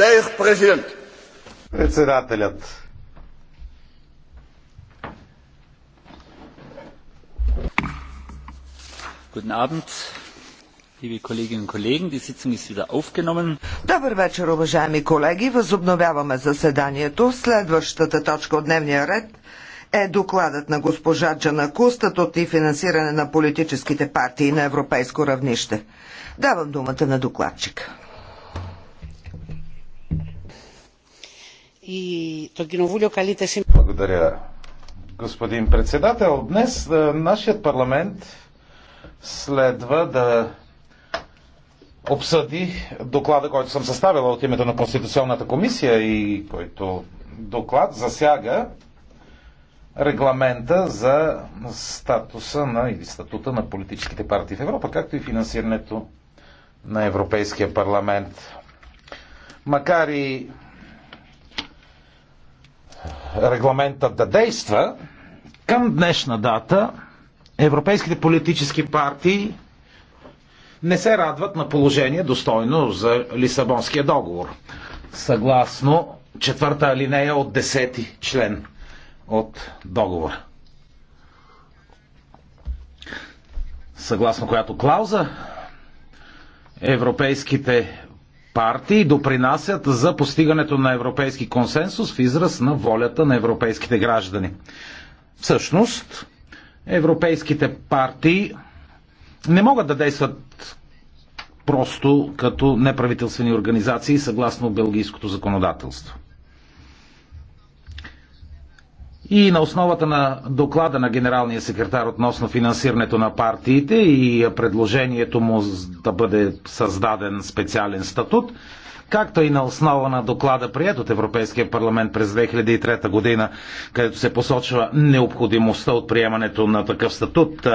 Е президент. Председателят. Guten Abend, liebe Kolleginnen und Kollegen. Die Sitzung ist wieder aufgenommen. Добър вечер, уважаеми колеги. Възобновяваме заседанието. Следващата точка от дневния ред е докладът на госпожа Джана Кустът от и финансиране на политическите партии на европейско равнище. Давам думата на докладчика. И то Киновулио калите си... Благодаря, господин председател. Днес е, нашият парламент следва да обсъди доклада, който съм съставила от името на Конституционната комисия и който доклад засяга регламента за статуса на или статута на политическите партии в Европа, както и финансирането на Европейския парламент. Макар и регламентът да действа, към днешна дата европейските политически партии не се радват на положение достойно за Лисабонския договор. Съгласно четвърта алинея от десети член от договора. Съгласно която клауза европейските партии допринасят за постигането на европейски консенсус в израз на волята на европейските граждани. Всъщност, европейските партии не могат да действат просто като неправителствени организации съгласно белгийското законодателство. И на основата на доклада на генералния секретар относно финансирането на партиите и предложението му да бъде създаден специален статут, както и на основа на доклада, прият от Европейския парламент през 2003 година, където се посочва необходимостта от приемането на такъв статут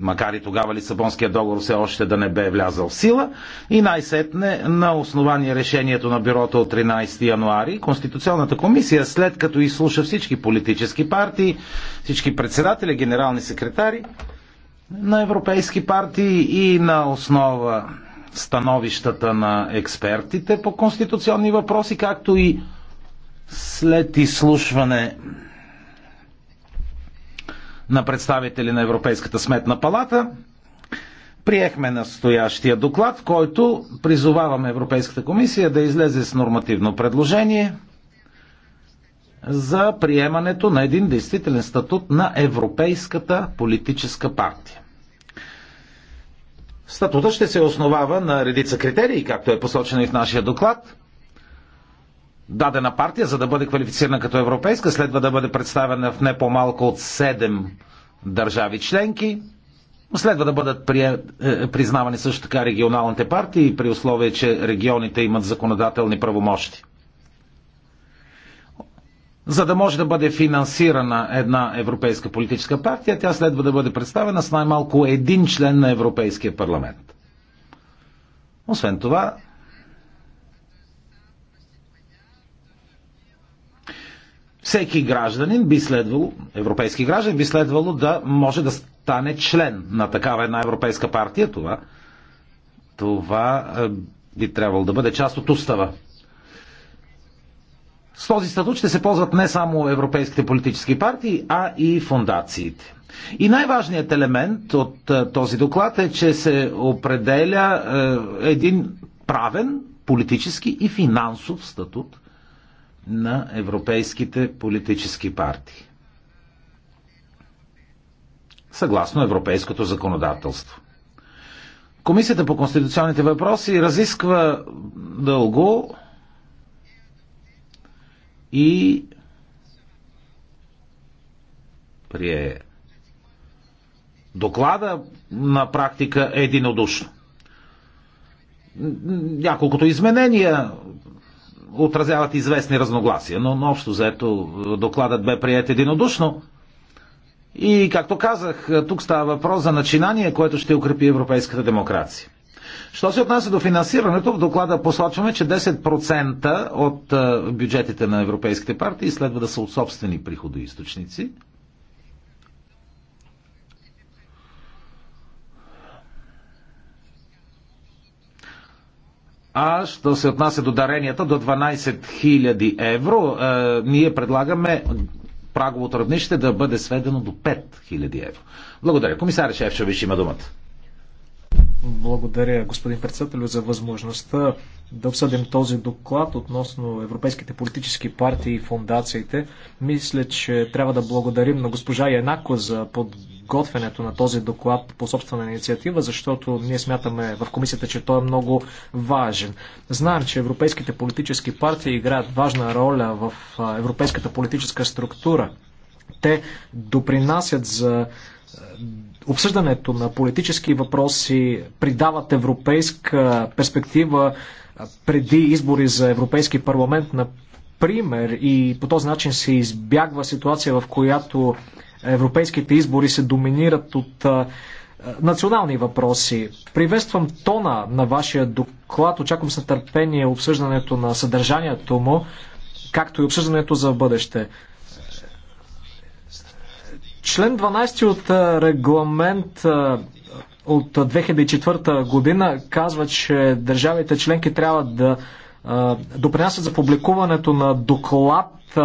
макар и тогава Лисабонския договор все още да не бе влязал в сила. И най-сетне, на основание решението на бюрото от 13 януари, Конституционната комисия, след като изслуша всички политически партии, всички председатели, генерални секретари на европейски партии и на основа становищата на експертите по конституционни въпроси, както и след изслушване на представители на Европейската сметна палата, приехме настоящия доклад, в който призоваваме Европейската комисия да излезе с нормативно предложение за приемането на един действителен статут на Европейската политическа партия. Статута ще се основава на редица критерии, както е посочено и в нашия доклад. Дадена партия, за да бъде квалифицирана като европейска, следва да бъде представена в не по-малко от 7 държави членки. Следва да бъдат при, е, признавани също така регионалните партии, при условие, че регионите имат законодателни правомощи. За да може да бъде финансирана една европейска политическа партия, тя следва да бъде представена с най-малко един член на Европейския парламент. Освен това, всеки гражданин би следвало, европейски граждан би следвало да може да стане член на такава една европейска партия. Това, това е, би трябвало да бъде част от устава с този статут ще се ползват не само европейските политически партии, а и фундациите. И най-важният елемент от е, този доклад е, че се определя е, един правен, политически и финансов статут на европейските политически партии. Съгласно европейското законодателство. Комисията по конституционните въпроси разисква дълго и прие доклада на практика е единодушно. Няколкото изменения отразяват известни разногласия, но общо заето е, докладът бе прият единодушно. И, както казах, е, тук става въпрос за начинание, което ще укрепи европейската демокрация. Що се отнася до финансирането, в доклада посочваме, че 10% от бюджетите на европейските партии следва да са от собствени приходоисточници. А що се отнася до даренията до 12 000 евро, ние предлагаме праговото равнище да бъде сведено до 5 000 евро. Благодаря. Комисаря Шефчович има думата. Благодаря, господин председател, за възможността да обсъдим този доклад относно европейските политически партии и фундациите. Мисля, че трябва да благодарим на госпожа Янако за подготвянето на този доклад по собствена инициатива, защото ние смятаме в комисията, че той е много важен. Знаем, че европейските политически партии играят важна роля в европейската политическа структура. Те допринасят за обсъждането на политически въпроси придават европейска перспектива преди избори за Европейски парламент, например, и по този начин се избягва ситуация, в която европейските избори се доминират от национални въпроси. Приветствам тона на вашия доклад. Очаквам с нетърпение обсъждането на съдържанието му, както и обсъждането за бъдеще. Член 12 от регламент от 2004 година казва, че държавите членки трябва да допринасят за публикуването на доклад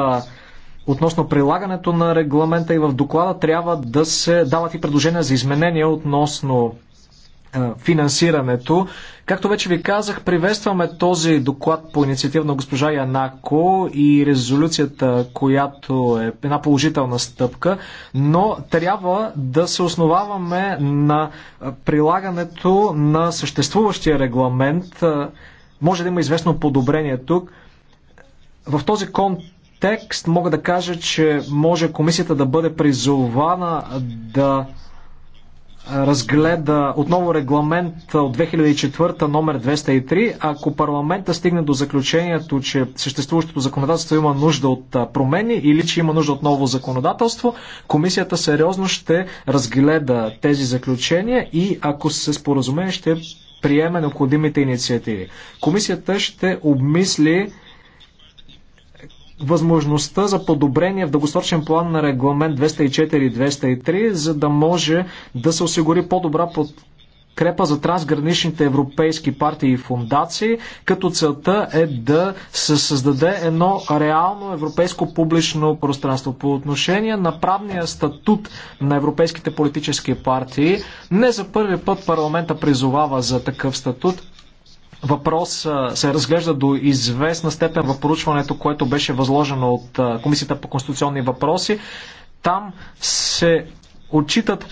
относно прилагането на регламента и в доклада трябва да се дават и предложения за изменения относно е, финансирането. Както вече ви казах, приветстваме този доклад по инициатива на госпожа Янако и резолюцията, която е една положителна стъпка, но трябва да се основаваме на е, прилагането на съществуващия регламент. Е, може да има известно подобрение тук. В този контекст мога да кажа, че може комисията да бъде призована да разгледа отново регламент от 2004 номер 203. Ако парламента стигне до заключението, че съществуващото законодателство има нужда от промени или че има нужда от ново законодателство, комисията сериозно ще разгледа тези заключения и ако се споразумее ще приеме необходимите инициативи. Комисията ще обмисли възможността за подобрение в дългосрочен план на регламент 204 203, за да може да се осигури по-добра подкрепа за трансграничните европейски партии и фундации, като целта е да се създаде едно реално европейско публично пространство. По отношение на правния статут на европейските политически партии, не за първи път парламента призовава за такъв статут въпрос се разглежда до известна степен в поручването, което беше възложено от Комисията по конституционни въпроси. Там се отчитат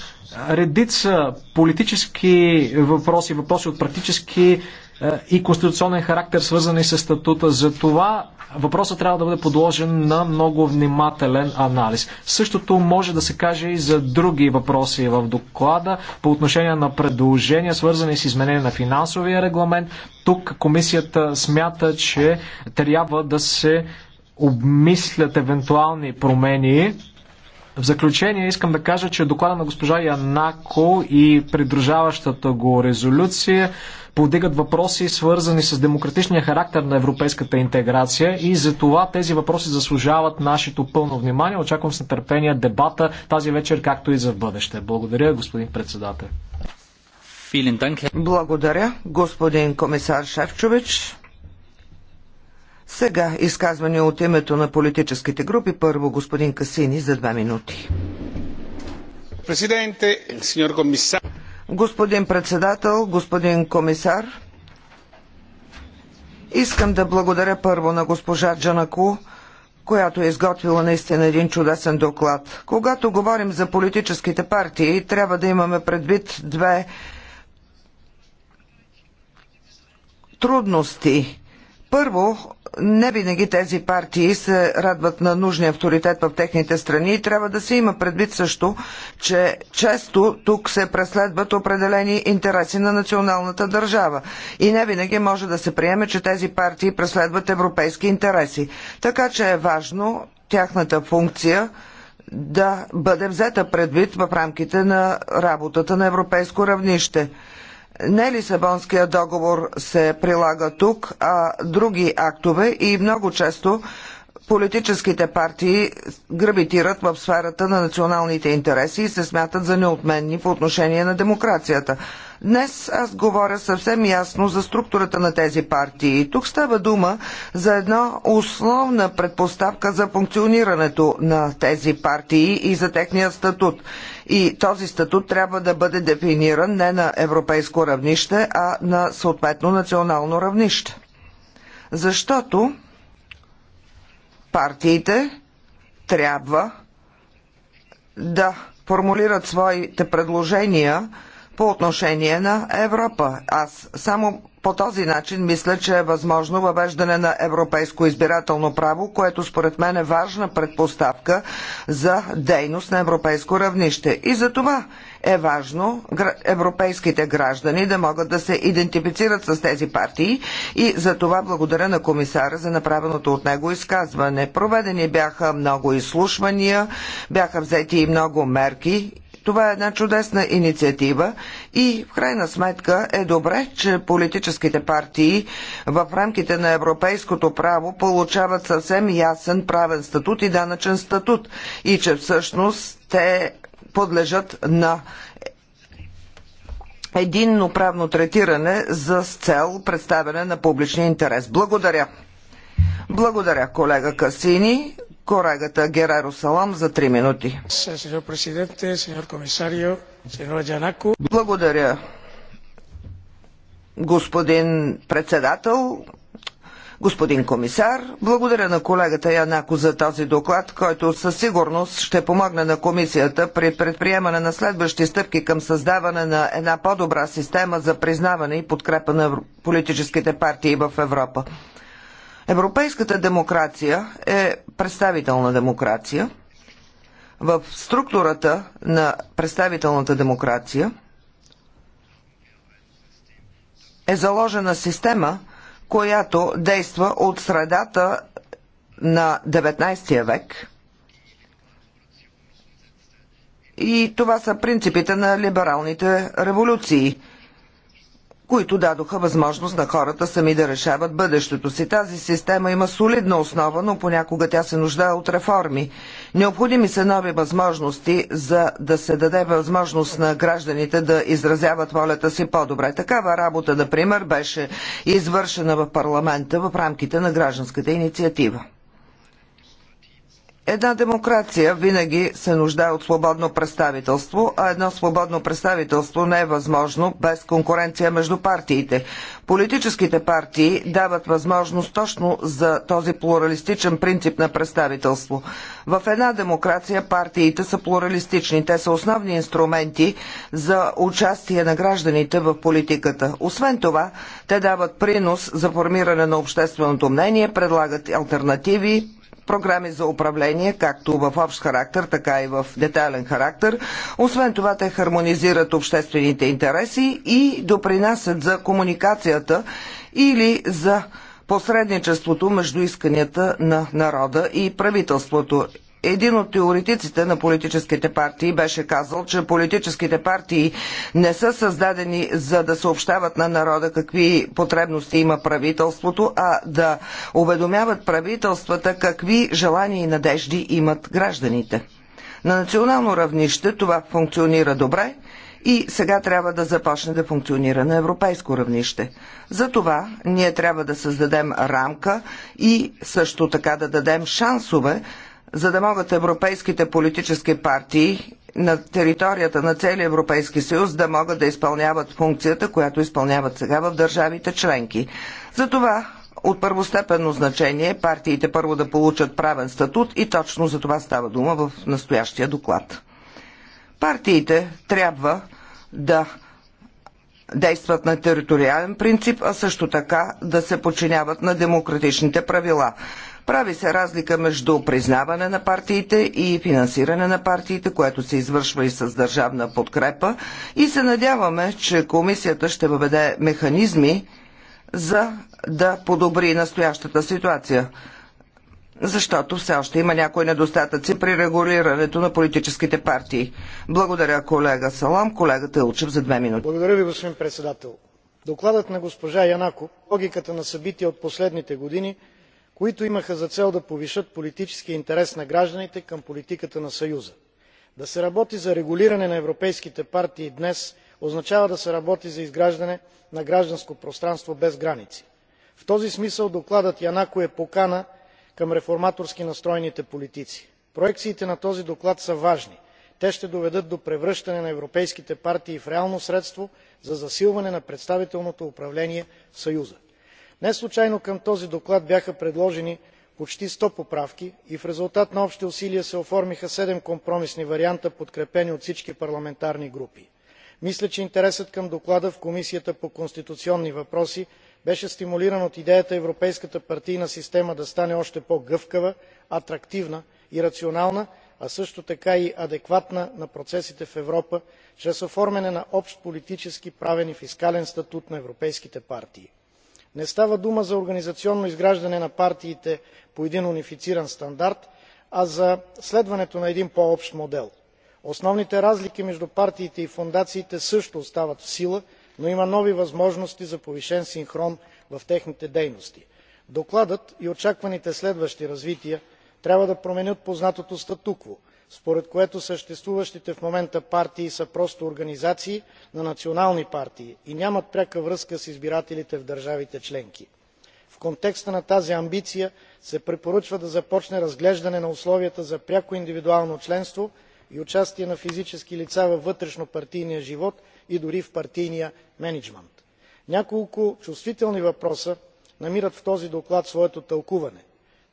редица политически въпроси, въпроси от практически е, и конституционен характер, свързани с статута. За това въпросът трябва да бъде подложен на много внимателен анализ. Същото може да се каже и за други въпроси в доклада по отношение на предложения, свързани с изменение на финансовия регламент. Тук комисията смята, че трябва да се обмислят евентуални промени. В заключение искам да кажа, че доклада на госпожа Янако и придружаващата го резолюция повдигат въпроси, свързани с демократичния характер на европейската интеграция и за това тези въпроси заслужават нашето пълно внимание. Очаквам с нетърпение дебата тази вечер, както и за в бъдеще. Благодаря, господин председател. Благодаря, господин комисар Шевчович. Сега изказване от името на политическите групи. Първо господин Касини за две минути. Президенте, сеньор комисар. Господин председател, господин комисар, искам да благодаря първо на госпожа Джанако, която е изготвила наистина един чудесен доклад. Когато говорим за политическите партии, трябва да имаме предвид две трудности. Първо, не винаги тези партии се радват на нужния авторитет в техните страни и трябва да се има предвид също, че често тук се преследват определени интереси на националната държава и не винаги може да се приеме, че тези партии преследват европейски интереси. Така че е важно тяхната функция да бъде взета предвид в рамките на работата на европейско равнище не Лисабонския договор се прилага тук, а други актове и много често политическите партии гравитират в сферата на националните интереси и се смятат за неотменни по отношение на демокрацията. Днес аз говоря съвсем ясно за структурата на тези партии. Тук става дума за една условна предпоставка за функционирането на тези партии и за техния статут. И този статут трябва да бъде дефиниран не на европейско равнище, а на съответно национално равнище. Защото партиите трябва да формулират своите предложения по отношение на Европа. Аз само по този начин мисля, че е възможно въвеждане на европейско избирателно право, което според мен е важна предпоставка за дейност на европейско равнище. И за това е важно европейските граждани да могат да се идентифицират с тези партии и за това благодаря на комисара за направеното от него изказване. Проведени бяха много изслушвания, бяха взети и много мерки това е една чудесна инициатива и в крайна сметка е добре, че политическите партии в рамките на европейското право получават съвсем ясен правен статут и данъчен статут и че всъщност те подлежат на единно правно третиране за с цел представяне на публичния интерес. Благодаря. Благодаря, колега Касини. Колегата Гераро Салам за 3 минути. Благодаря, господин председател, господин комисар. Благодаря на колегата Янако за този доклад, който със сигурност ще помогне на комисията при предприемане на следващи стъпки към създаване на една по-добра система за признаване и подкрепа на политическите партии в Европа. Европейската демокрация е представителна демокрация. В структурата на представителната демокрация е заложена система, която действа от средата на 19 век. И това са принципите на либералните революции – които дадоха възможност на хората сами да решават бъдещето си. Тази система има солидна основа, но понякога тя се нуждае от реформи. Необходими са нови възможности, за да се даде възможност на гражданите да изразяват волята си по-добре. Такава работа, например, беше извършена в парламента в рамките на гражданската инициатива. Една демокрация винаги се нуждае от свободно представителство, а едно свободно представителство не е възможно без конкуренция между партиите. Политическите партии дават възможност точно за този плуралистичен принцип на представителство. В една демокрация партиите са плуралистични. Те са основни инструменти за участие на гражданите в политиката. Освен това, те дават принос за формиране на общественото мнение, предлагат альтернативи, програми за управление, както в общ характер, така и в детайлен характер. Освен това, те хармонизират обществените интереси и допринасят за комуникацията или за посредничеството между исканията на народа и правителството един от теоретиците на политическите партии беше казал, че политическите партии не са създадени за да съобщават на народа какви потребности има правителството, а да уведомяват правителствата какви желания и надежди имат гражданите. На национално равнище това функционира добре и сега трябва да започне да функционира на европейско равнище. За това ние трябва да създадем рамка и също така да дадем шансове за да могат европейските политически партии на територията на целия Европейски съюз да могат да изпълняват функцията, която изпълняват сега в държавите членки. Затова от първостепенно значение партиите първо да получат правен статут и точно за това става дума в настоящия доклад. Партиите трябва да действат на териториален принцип, а също така да се подчиняват на демократичните правила. Прави се разлика между признаване на партиите и финансиране на партиите, което се извършва и с държавна подкрепа и се надяваме, че комисията ще въведе механизми за да подобри настоящата ситуация защото все още има някои недостатъци при регулирането на политическите партии. Благодаря колега Салам, колегата учив за две минути. Благодаря ви, господин председател. Докладът на госпожа Янако, логиката на събития от последните години, които имаха за цел да повишат политическия интерес на гражданите към политиката на съюза. да се работи за регулиране на европейските партии днес означава да се работи за изграждане на гражданско пространство без граници. в този смисъл докладът янако е покана към реформаторски настроените политици. проекциите на този доклад са важни. те ще доведат до превръщане на европейските партии в реално средство за засилване на представителното управление в съюза неслучайно към този доклад бяха предложени почти сто поправки и в резултат на общи усилия се оформиха седем компромисни варианта подкрепени от всички парламентарни групи. мисля че интересът към доклада в комисията по конституционни въпроси беше стимулиран от идеята европейската партийна система да стане още по гъвкава атрактивна и рационална а също така и адекватна на процесите в европа чрез оформяне на общ политически правен и фискален статут на европейските партии не става дума за организационно изграждане на партиите по един унифициран стандарт а за следването на един по общ модел. основните разлики между партиите и фондациите също остават в сила но има нови възможности за повишен синхрон в техните дейности. докладът и очакваните следващи развития трябва да променят познатото статукво според което съществуващите в момента партии са просто организации на национални партии и нямат пряка връзка с избирателите в държавите членки. в контекста на тази амбиция се препоръчва да започне разглеждане на условията за пряко индивидуално членство и участие на физически лица във вътрешнопартийния живот и дори в партийния мениджмънт. няколко чувствителни въпроса намират в този доклад своето тълкуване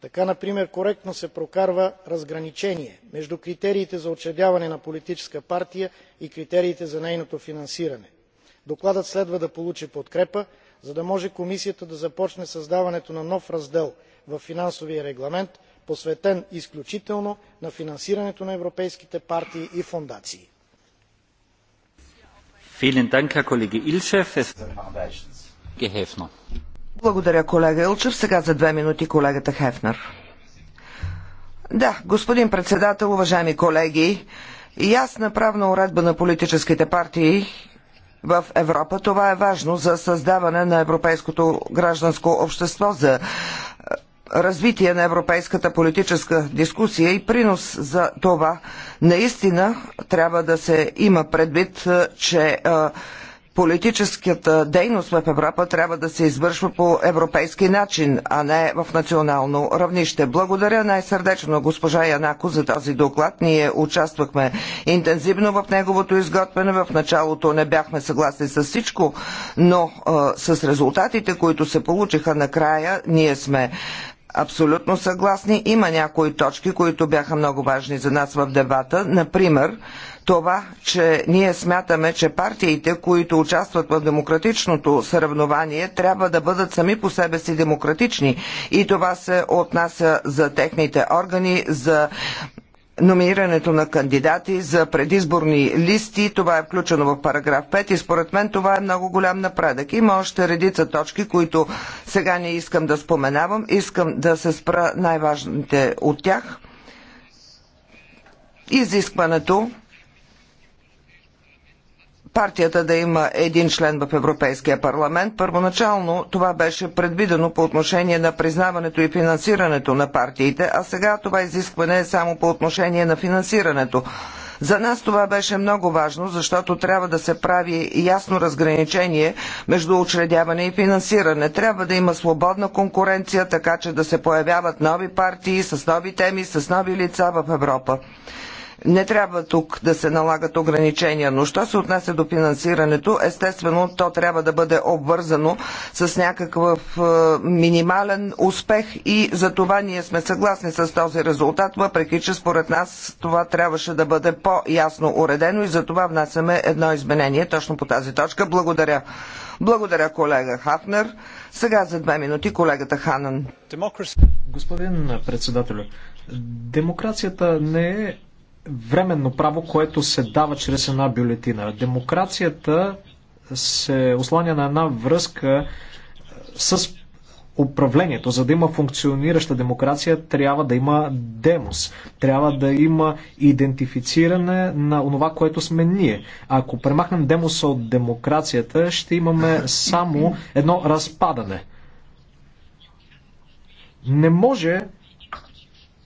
така например коректно се прокарва разграничение между критериите за учредяване на политическа партия и критериите за нейното финансиране. докладът следва да получи подкрепа за да може комисията да започне създаването на нов раздел във финансовия регламент посветен изключително на финансирането на европейските партии и фондации. Благодаря, колега Илчев. Сега за две минути колегата Хефнер. Да, господин председател, уважаеми колеги, ясна правна уредба на политическите партии в Европа. Това е важно за създаване на европейското гражданско общество, за е, развитие на европейската политическа дискусия и принос за това. Наистина трябва да се има предвид, е, че е, политическата дейност в Европа трябва да се извършва по европейски начин, а не в национално равнище. Благодаря най-сърдечно госпожа Янако за този доклад. Ние участвахме интензивно в неговото изготвяне. В началото не бяхме съгласни с всичко, но а, с резултатите, които се получиха накрая, ние сме абсолютно съгласни. Има някои точки, които бяха много важни за нас в дебата. Например, това, че ние смятаме, че партиите, които участват в демократичното съревнование, трябва да бъдат сами по себе си демократични. И това се отнася за техните органи, за номинирането на кандидати за предизборни листи. Това е включено в параграф 5 и според мен това е много голям напредък. Има още редица точки, които сега не искам да споменавам. Искам да се спра най-важните от тях. Изискването партията да има един член в Европейския парламент. Първоначално това беше предвидено по отношение на признаването и финансирането на партиите, а сега това изискване е само по отношение на финансирането. За нас това беше много важно, защото трябва да се прави ясно разграничение между учредяване и финансиране. Трябва да има свободна конкуренция, така че да се появяват нови партии с нови теми, с нови лица в Европа. Не трябва тук да се налагат ограничения, но що се отнася до финансирането, естествено то трябва да бъде обвързано с някакъв е, минимален успех и за това ние сме съгласни с този резултат, въпреки че според нас това трябваше да бъде по-ясно уредено и за това внасяме едно изменение точно по тази точка. Благодаря. Благодаря, колега Хафнер. Сега за две минути колегата Ханан. Господин председател, демокрацията не е временно право, което се дава чрез една бюлетина. Демокрацията се осланя на една връзка е, с управлението. За да има функционираща демокрация, трябва да има демос. Трябва да има идентифициране на това, което сме ние. Ако премахнем демоса от демокрацията, ще имаме само едно разпадане. Не може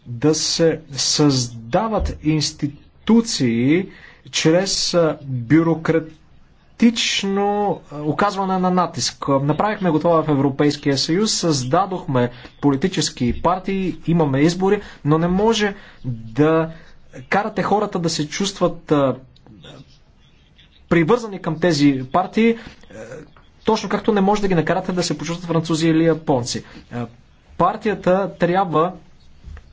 да се създават институции чрез бюрократично оказване на натиск. Направихме го това в Европейския съюз, създадохме политически партии, имаме избори, но не може да карате хората да се чувстват привързани към тези партии, точно както не може да ги накарате да се почувстват французи или японци. Партията трябва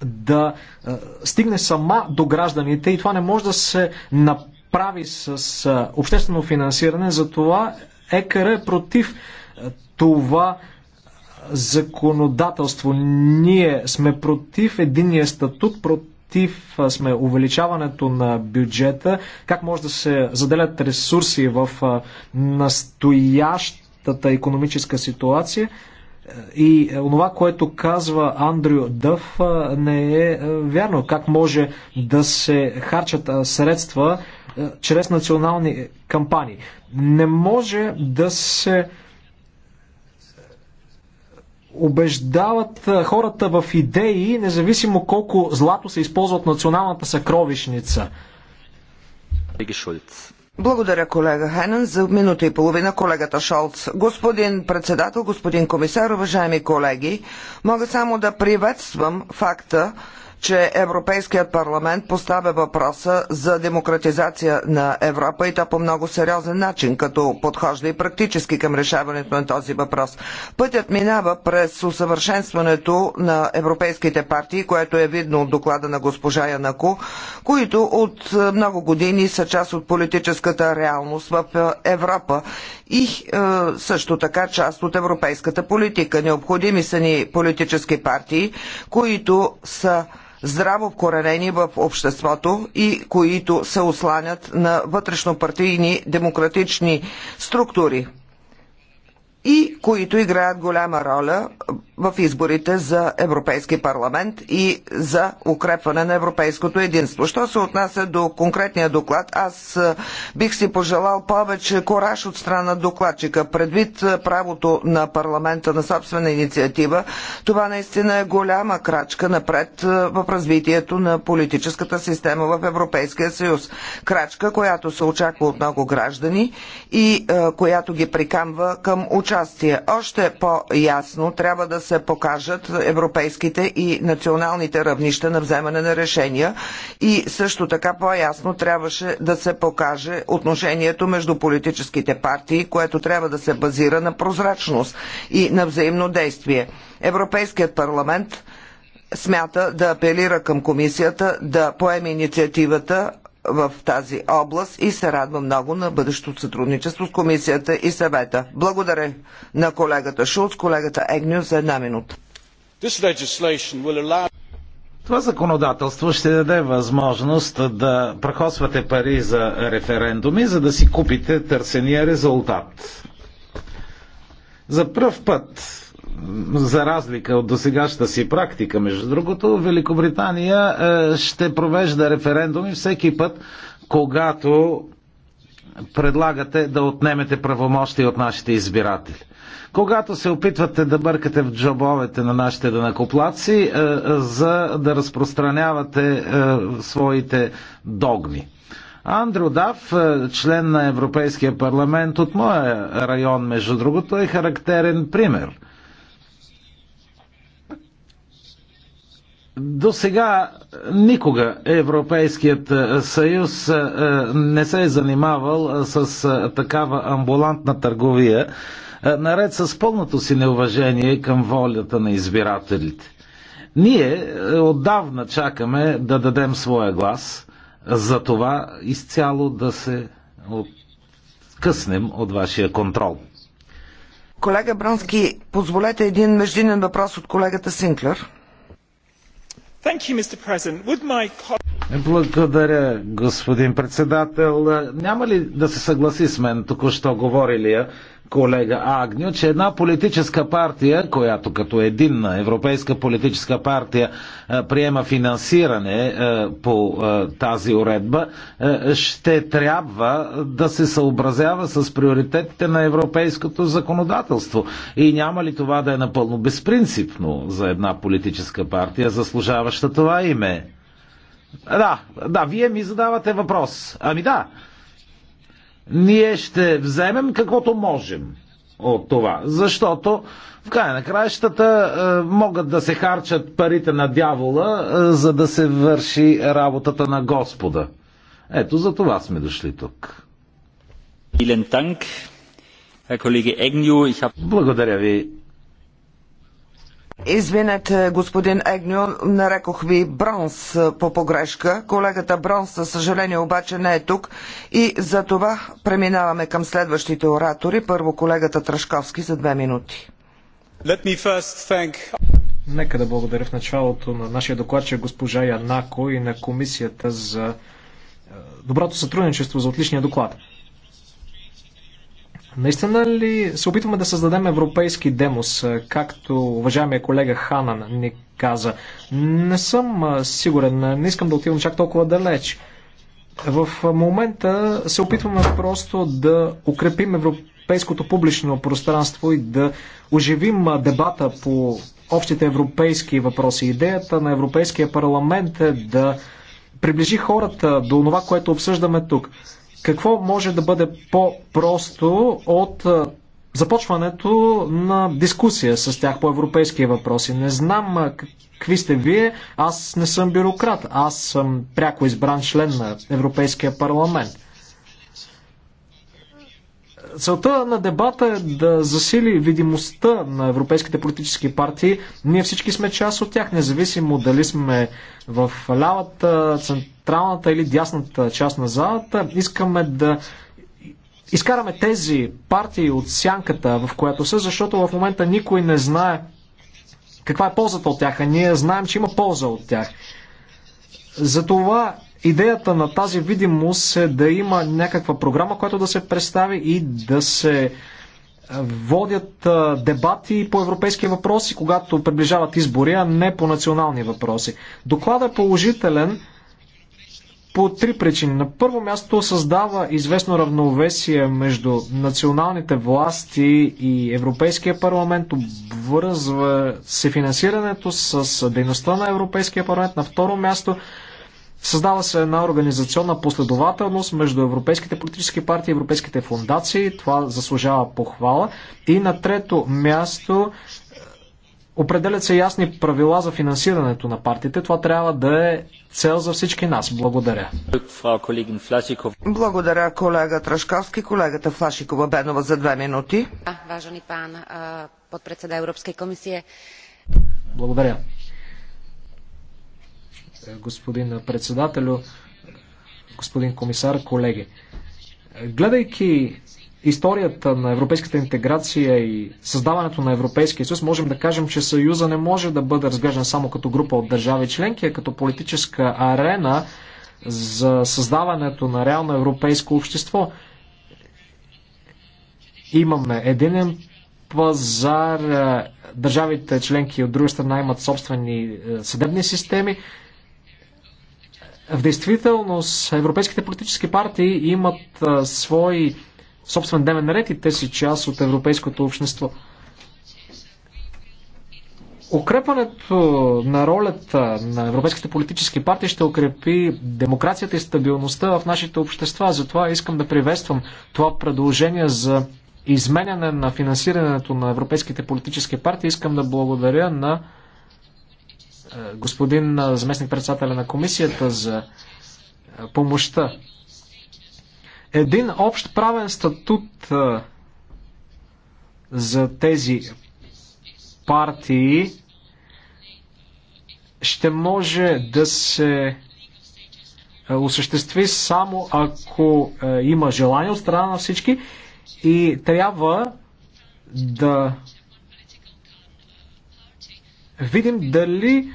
да е, стигне сама до гражданите и това не може да се направи с е, обществено финансиране. Затова ЕКР е против е, това законодателство. Ние сме против единния статут, против сме увеличаването на бюджета, как може да се заделят ресурси в настоящата економическа ситуация. И онова, което казва Андрю Дъв, не е вярно. Как може да се харчат средства чрез национални кампании? Не може да се убеждават хората в идеи, независимо колко злато се използва от националната съкровищница. Благодаря, колега Хенен. За минута и половина колегата Шолц. Господин председател, господин комисар, уважаеми колеги, мога само да приветствам факта, че Европейският парламент поставя въпроса за демократизация на Европа и то по много сериозен начин, като подхожда и практически към решаването на този въпрос. Пътят минава през усъвършенстването на европейските партии, което е видно от доклада на госпожа Янако, които от много години са част от политическата реалност в Европа и е, също така част от европейската политика. Необходими са ни политически партии, които са здраво вкоренени в обществото и които се осланят на вътрешнопартийни демократични структури и които играят голяма роля в изборите за Европейски парламент и за укрепване на европейското единство. Що се отнася до конкретния доклад, аз бих си пожелал повече кораж от страна докладчика. Предвид правото на парламента на собствена инициатива, това наистина е голяма крачка напред в развитието на политическата система в Европейския съюз. Крачка, която се очаква от много граждани и която ги прикамва към участие участие. Още по-ясно трябва да се покажат европейските и националните равнища на вземане на решения и също така по-ясно трябваше да се покаже отношението между политическите партии, което трябва да се базира на прозрачност и на взаимно действие. Европейският парламент смята да апелира към комисията да поеме инициативата в тази област и се радвам много на бъдещото сътрудничество с комисията и съвета. Благодаря на колегата Шулц, колегата Егню за една минута. Това законодателство ще даде възможност да прахосвате пари за референдуми, за да си купите търсения резултат. За пръв път за разлика от досегащата си практика, между другото, Великобритания е, ще провежда референдуми всеки път, когато предлагате да отнемете правомощи от нашите избиратели. Когато се опитвате да бъркате в джобовете на нашите данакоплаци, е, за да разпространявате е, своите догми. Андрю Дав, член на Европейския парламент от моя район, между другото, е характерен пример – До сега никога Европейският съюз не се е занимавал с такава амбулантна търговия, наред с пълното си неуважение към волята на избирателите. Ние отдавна чакаме да дадем своя глас за това изцяло да се откъснем от вашия контрол. Колега Бронски, позволете един междинен въпрос от колегата Синклер mr president would my colleague mr. Благодаря, господин председател. Няма ли да се съгласи с мен току-що говорилия колега Агню, че една политическа партия, която като единна европейска политическа партия е, приема финансиране е, по е, тази уредба, ще трябва да се съобразява с приоритетите на европейското законодателство. И няма ли това да е напълно безпринципно за една политическа партия, заслужаваща това име? Да, да, вие ми задавате въпрос. Ами да, ние ще вземем каквото можем от това, защото в края на краищата е, могат да се харчат парите на дявола, е, за да се върши работата на Господа. Ето за това сме дошли тук. Благодаря ви, Извинете, господин Егню, нарекох ви Бронс е, по погрешка. Колегата Бронс, със съжаление, обаче не е тук и за това преминаваме към следващите оратори. Първо колегата Трашковски за две минути. Thank... Нека да благодаря в началото на нашия докладчик госпожа Янако и на комисията за е, доброто сътрудничество, за отличния доклад. Наистина ли се опитваме да създадем европейски демос, както уважаемия колега Ханан ни каза? Не съм сигурен, не искам да отивам чак толкова далеч. В момента се опитваме просто да укрепим европейското публично пространство и да оживим дебата по общите европейски въпроси. Идеята на Европейския парламент е да приближи хората до това, което обсъждаме тук. Какво може да бъде по-просто от започването на дискусия с тях по европейски въпроси? Не знам какви сте вие, аз не съм бюрократ, аз съм пряко избран член на Европейския парламент. Целта на дебата е да засили видимостта на европейските политически партии. Ние всички сме част от тях, независимо дали сме в лявата, централната или дясната част на залата. Искаме да изкараме тези партии от сянката, в която са, защото в момента никой не знае каква е ползата от тях, а ние знаем, че има полза от тях. Затова Идеята на тази видимост е да има някаква програма, която да се представи и да се е, водят е, дебати по европейски въпроси, когато приближават избори, а не по национални въпроси. Докладът е положителен по три причини. На първо място създава известно равновесие между националните власти и Европейския парламент, обвързва се финансирането с дейността на Европейския парламент. На второ място Създава се една организационна последователност между европейските политически партии и европейските фундации. Това заслужава похвала. И на трето място е, определят се ясни правила за финансирането на партиите. Това трябва да е цел за всички нас. Благодаря. Благодаря колега Трашковски. Колегата Флашикова Бенова за две минути. Важен пан подпредседа комисии. Благодаря господин председателю, господин комисар, колеги. Гледайки историята на европейската интеграция и създаването на Европейския съюз, можем да кажем, че Съюза не може да бъде разглеждан само като група от държави членки, а като политическа арена за създаването на реално европейско общество. Имаме единен пазар, държавите членки от друга страна имат собствени е, съдебни системи, в действителност европейските политически партии имат а, свой собствен дневен ред и те си част от европейското общество. Укрепването на ролята на европейските политически партии ще укрепи демокрацията и стабилността в нашите общества. Затова искам да приветствам това предложение за изменяне на финансирането на европейските политически партии. Искам да благодаря на господин заместник председателя на комисията за помощта. Един общ правен статут за тези партии ще може да се осъществи само ако има желание от страна на всички и трябва да видим дали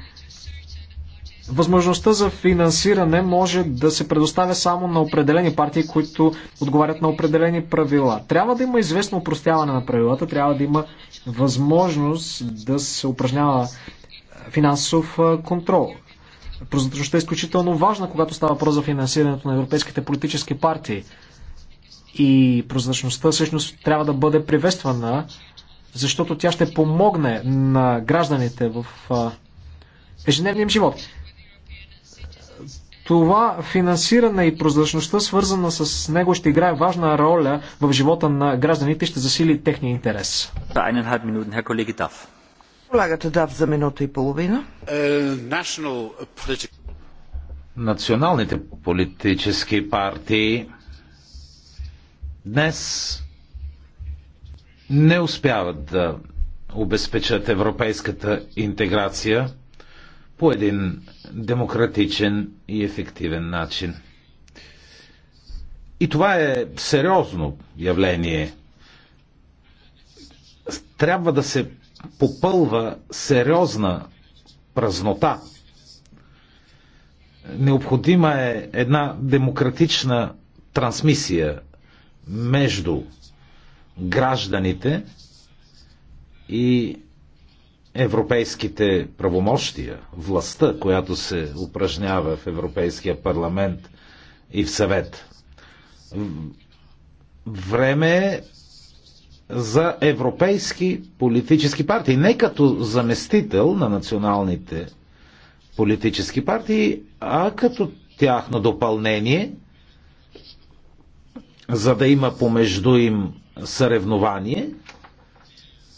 възможността за финансиране може да се предоставя само на определени партии, които отговарят на определени правила. Трябва да има известно упростяване на правилата, трябва да има възможност да се упражнява финансов контрол. Прозрачността е изключително важна, когато става въпрос за финансирането на европейските политически партии. И прозрачността всъщност трябва да бъде приветствана защото тя ще помогне на гражданите в ежедневния им живот. Това финансиране и прозрачността, свързана с него, ще играе важна роля в живота на гражданите и ще засили техния интерес. Колегата Дав за минута и половина. Е, Националните политически партии днес не успяват да обезпечат европейската интеграция по един демократичен и ефективен начин. И това е сериозно явление. Трябва да се попълва сериозна празнота. Необходима е една демократична трансмисия между гражданите и европейските правомощия, властта, която се упражнява в Европейския парламент и в съвет. Време е за европейски политически партии. Не като заместител на националните политически партии, а като тяхно допълнение, за да има помежду им съревнование,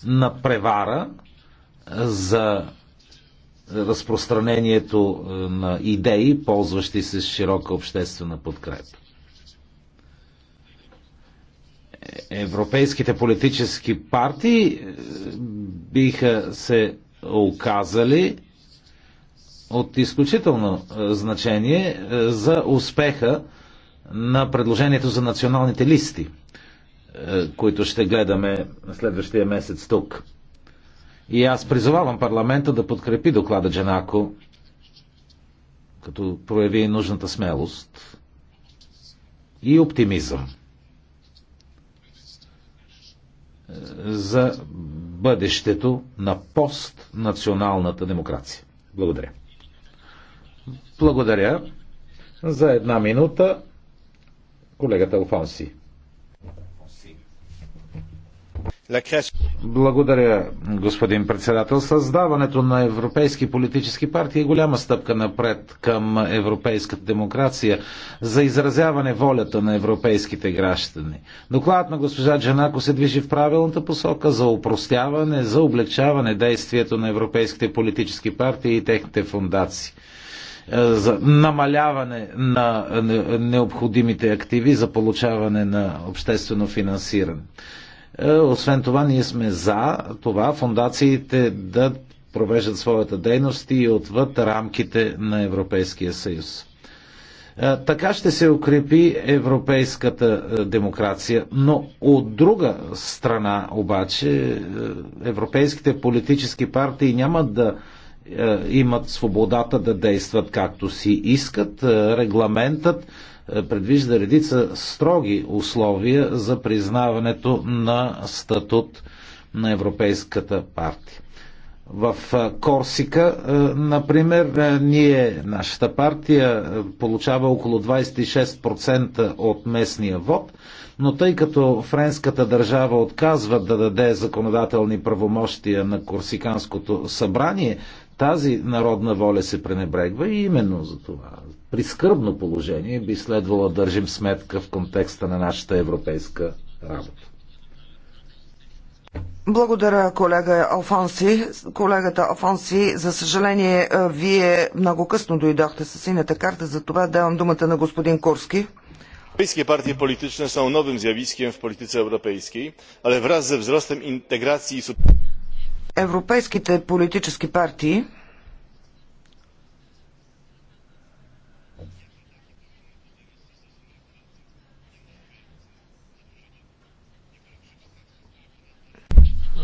на превара е, за разпространението е, на идеи, ползващи се с широка обществена подкрепа. Е, европейските политически партии биха се оказали от изключително значение за успеха на предложението за националните листи – които ще гледаме следващия месец тук. И аз призовавам парламента да подкрепи доклада Джанако, като прояви нужната смелост и оптимизъм за бъдещето на постнационалната демокрация. Благодаря. Благодаря. За една минута колегата Алфонси. Благодаря, господин председател. Създаването на европейски политически партии е голяма стъпка напред към европейската демокрация за изразяване волята на европейските граждани. Докладът на госпожа Джанако се движи в правилната посока за упростяване, за облегчаване действието на европейските политически партии и техните фундации е, за намаляване на необходимите активи за получаване на обществено финансиране. Е, освен това, ние сме за това фундациите да провеждат своята дейност и отвъд рамките на Европейския съюз. Е, така ще се укрепи европейската е, демокрация, но от друга страна обаче европейските политически партии няма да имат свободата да действат както си искат. Регламентът е, предвижда редица строги условия за признаването на статут на Европейската партия. В е, Корсика, е, например, ние, нашата партия получава около 26% от местния вод, но тъй като френската държава отказва да даде законодателни правомощия на Корсиканското събрание, тази народна воля се пренебрегва и именно за това, прискърбно положение би следвало да държим сметка в контекста на нашата европейска работа. Благодаря, колега Алфонси. Колегата Алфонси, за съжаление, вие много късно дойдохте с синята карта, за това давам думата на господин Курски. Europejskie партии е политични са новим zjawiskiem в polityce европейски, але wraz ze wzrostem integracji i... Европейските политически партии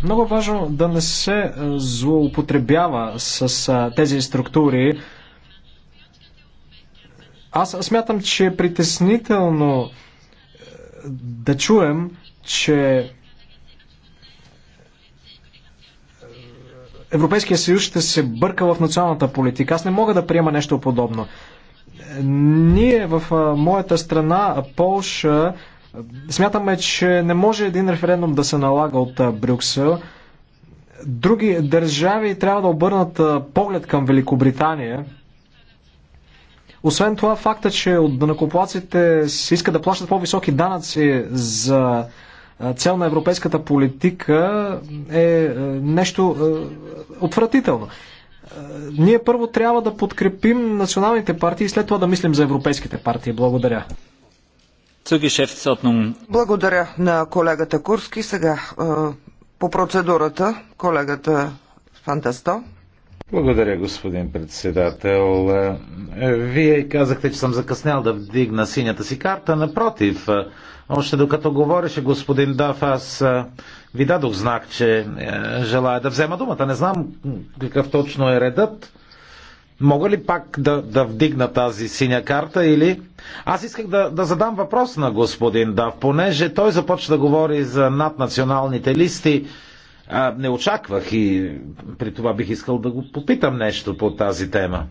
Много важно да не се е, злоупотребява с е, тези структури. Аз смятам, че е притеснително е, да чуем, че Европейския съюз ще се бърка в националната политика. Аз не мога да приема нещо подобно. Ние в моята страна, Полша, Смятаме, че не може един референдум да се налага от Брюксел. Други държави трябва да обърнат поглед към Великобритания. Освен това, факта, че от данакоплаците се иска да плащат по-високи данъци за цел на европейската политика е, е нещо е, отвратително. Ние първо трябва да подкрепим националните партии и след това да мислим за европейските партии. Благодаря. Благодаря на колегата Курски. Сега по процедурата колегата Фантасто. Благодаря, господин председател. Е, вие казахте, че съм закъснял да вдигна синята си карта. Напротив, още докато говореше господин Даф, аз ви дадох знак, че желая да взема думата. Не знам какъв точно е редът. Мога ли пак да, да вдигна тази синя карта или... Аз исках да, да задам въпрос на господин Дав, понеже той започна да говори за наднационалните листи. А, не очаквах и при това бих искал да го попитам нещо по тази тема.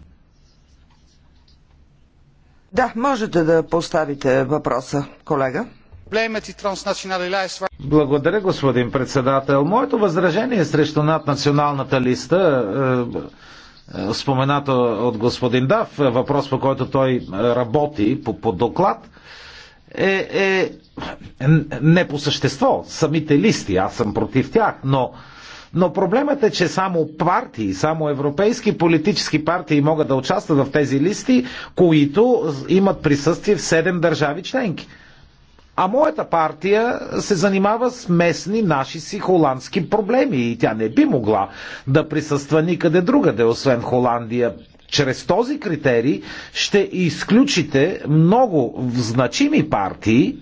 Да, можете да поставите въпроса, колега. Благодаря, господин председател. Моето възражение срещу наднационалната листа е е, спомената от господин Дав, е, въпрос по който той работи по, по доклад, е, е, е не по същество. Самите листи, аз съм против тях, но, но проблемът е, че само партии, само европейски политически партии могат да участват в тези листи, които имат присъствие в 7 държави членки. А моята партия се занимава с местни наши си холандски проблеми и тя не би могла да присъства никъде другаде, освен Холандия. Чрез този критерий ще изключите много значими партии,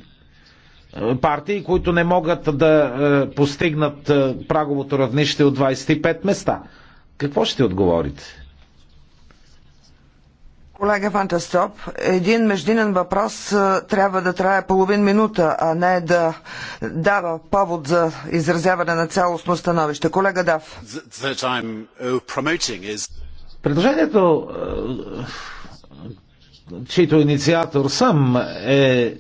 партии, които не могат да е, постигнат е, праговото равнище от 25 места. Какво ще отговорите? Колега Фантастоп, един междинен въпрос е, трябва да трае половин минута, а не да дава повод за изразяване на цялостно становище. Колега Дав. Uh, Предложението, е, чийто инициатор съм, е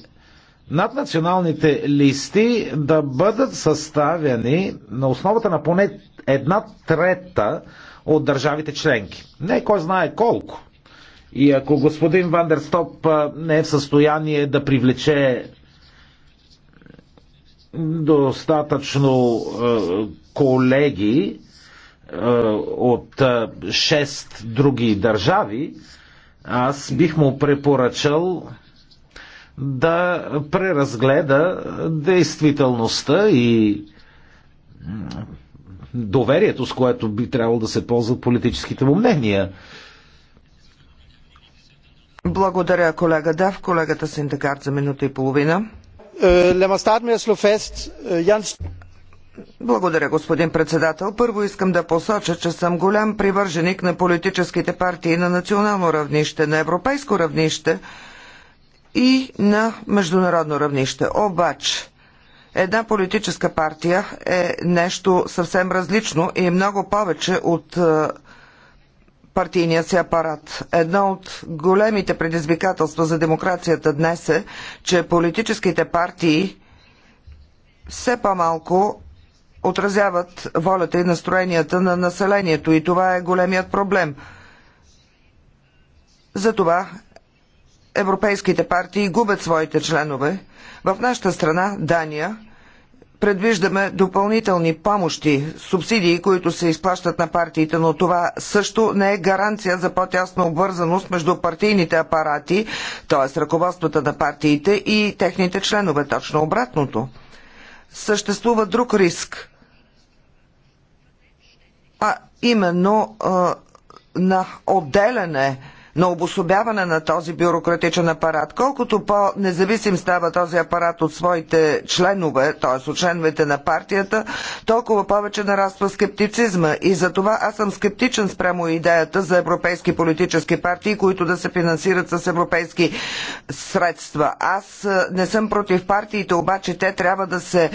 над националните листи да бъдат съставяни на основата на поне една трета от държавите членки. Не кой знае колко и ако господин Вандерстоп не е в състояние да привлече достатъчно колеги от 6 други държави, аз бих му препоръчал да преразгледа действителността и доверието, с което би трябвало да се ползват политическите му мнения. Благодаря, колега Дав. Колегата Синдекарт за минута и половина. Е, е е, Благодаря, господин председател. Първо искам да посоча, че съм голям привърженик на политическите партии на национално равнище, на европейско равнище и на международно равнище. Обаче, една политическа партия е нещо съвсем различно и много повече от партийния си апарат. Едно от големите предизвикателства за демокрацията днес е, че политическите партии все по-малко отразяват волята и настроенията на населението и това е големият проблем. Затова европейските партии губят своите членове. В нашата страна, Дания, предвиждаме допълнителни помощи, субсидии, които се изплащат на партиите, но това също не е гаранция за по-тясна обвързаност между партийните апарати, т.е. ръководствата на партиите и техните членове. Точно обратното. Съществува друг риск. А именно на отделяне на обособяване на този бюрократичен апарат. Колкото по-независим става този апарат от своите членове, т.е. от членовете на партията, толкова повече нараства скептицизма. И за това аз съм скептичен спрямо идеята за европейски политически партии, които да се финансират с европейски средства. Аз е, не съм против партиите, обаче те трябва да се е,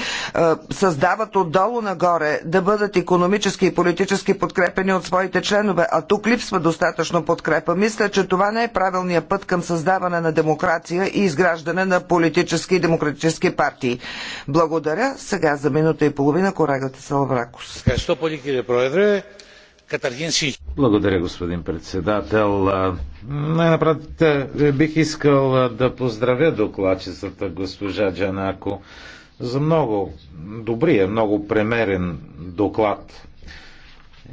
създават отдолу нагоре, да бъдат економически и политически подкрепени от своите членове, а тук липсва достатъчно подкрепа. Мисля, че това не е правилният път към създаване на демокрация и изграждане на политически и демократически партии. Благодаря. Сега за минута и половина колегата Салавракос. Благодаря, господин председател. Най-напред е, бих искал е, да поздравя докладчицата госпожа Джанако за много добрия, много премерен доклад.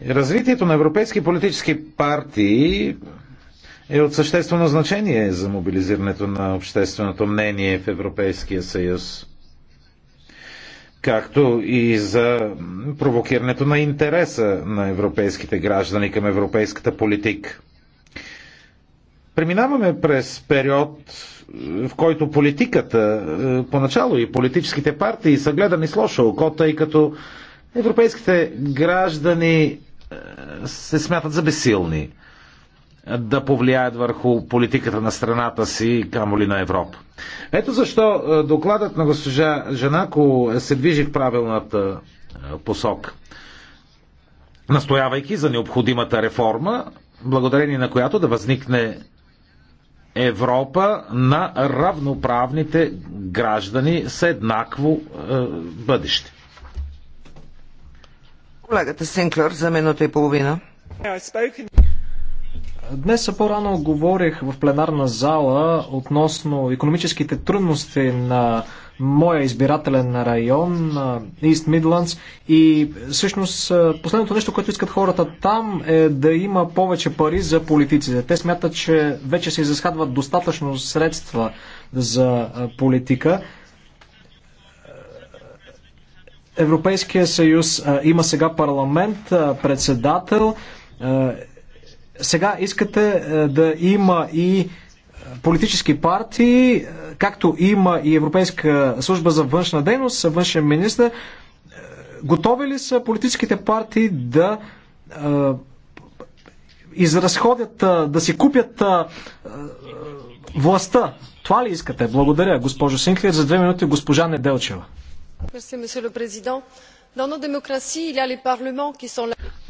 Развитието на европейски политически партии е от съществено значение за мобилизирането на общественото мнение в Европейския съюз, както и за провокирането на интереса на европейските граждани към европейската политика. Преминаваме през период, в който политиката, е, поначало и политическите партии са гледани с лошо око, тъй като европейските граждани е, се смятат за безсилни – да повлияят върху политиката на страната си, камо ли на Европа. Ето защо е, докладът на госпожа Жанако се движи в правилната е, посока. Настоявайки за необходимата реформа, благодарение на която да възникне Европа на равноправните граждани с еднакво е, бъдеще. Колегата Синклер за минута и половина. Днес по-рано говорих в пленарна зала относно економическите трудности на моя избирателен район, East Midlands. И всъщност последното нещо, което искат хората там е да има повече пари за политиците. Те смятат, че вече се изразхадват достатъчно средства за политика. Европейския съюз има сега парламент, председател сега искате е, да има и е, политически партии, е, както има и Европейска служба за външна дейност, външен министр. Готови ли са политическите партии да изразходят, да си купят властта. Това ли искате? Благодаря, госпожо Синклер. За две минути госпожа Неделчева. Благодаря, господин президент. В Dans има парламент, които са...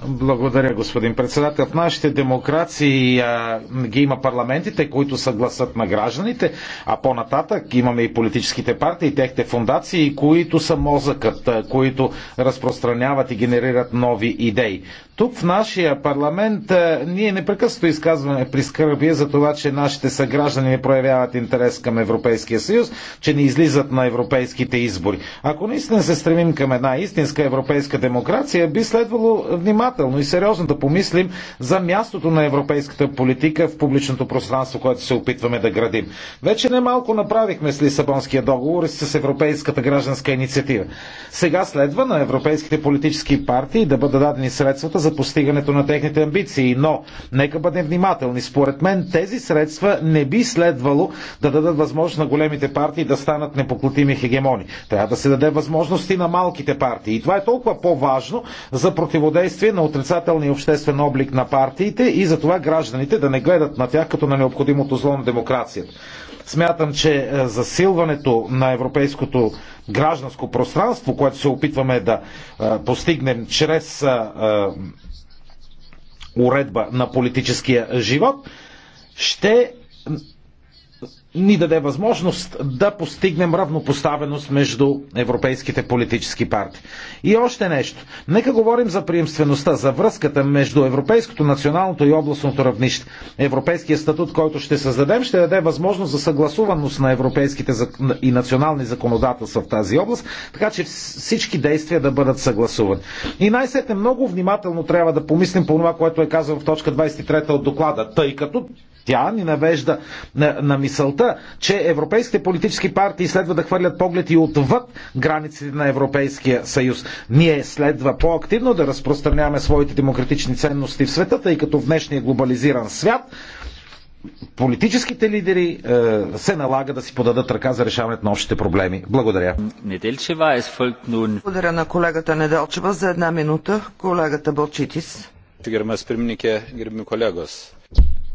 Благодаря, господин председател. В нашите демокрации а, ги има парламентите, които са гласът на гражданите, а по-нататък имаме и политическите партии, и техните фундации, които са мозъкът, които разпространяват и генерират нови идеи. Тук в нашия парламент е, ние непрекъснато изказваме при скърбие за това, че нашите съграждани не проявяват интерес към Европейския съюз, че не излизат на европейските избори. Ако наистина се стремим към една истинска европейска демокрация, би следвало внимателно и сериозно да помислим за мястото на европейската политика в публичното пространство, което се опитваме да градим. Вече немалко направихме с Лисабонския договор и с Европейската гражданска инициатива. Сега следва на европейските политически партии да бъдат дадени средствата за за постигането на техните амбиции. Но, нека бъдем внимателни. Според мен тези средства не би следвало да дадат възможност на големите партии да станат непоклатими хегемони. Трябва да се даде възможности на малките партии. И това е толкова по-важно за противодействие на отрицателния обществен облик на партиите и за това гражданите да не гледат на тях като на необходимото зло на демокрацията. Смятам, че е, засилването на европейското гражданско пространство, което се опитваме да е, постигнем чрез е, уредба на политическия живот, ще ни даде възможност да постигнем равнопоставеност между европейските политически партии. И още нещо. Нека говорим за приемствеността, за връзката между европейското, националното и областното равнище. Европейския статут, който ще създадем, ще даде възможност за съгласуваност на европейските и национални законодателства в тази област, така че всички действия да бъдат съгласувани. И най-сетне много внимателно трябва да помислим по това, което е казано в точка 23 от доклада, тъй като тя ни навежда на, на мисълта, че европейските политически партии следва да хвърлят поглед и отвъд границите на Европейския съюз. Ние следва по-активно да разпространяваме своите демократични ценности в света, тъй като в днешния глобализиран свят политическите лидери е, се налага да си подадат ръка за решаването на общите проблеми. Благодаря. Неделчева, е, Благодаря на колегата Неделчева за една минута. Колегата Балчитис. Gerbiamas pirmininkė, gerbiami kolegos.